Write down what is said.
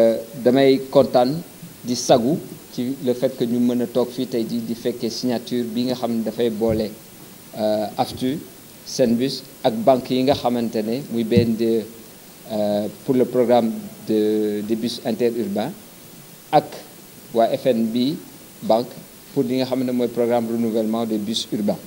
Euh, damay contane di sagu ci le fait que ñu mën tok fi tay di di fekkee signature bi nga da fay bolé euh AFTU Senbus ak banque yi nga xamante muy muy euh pour le programme de des bus interurbains ak waa FNB banque pour li nga xamne moy programme renouvellement des bus urbains.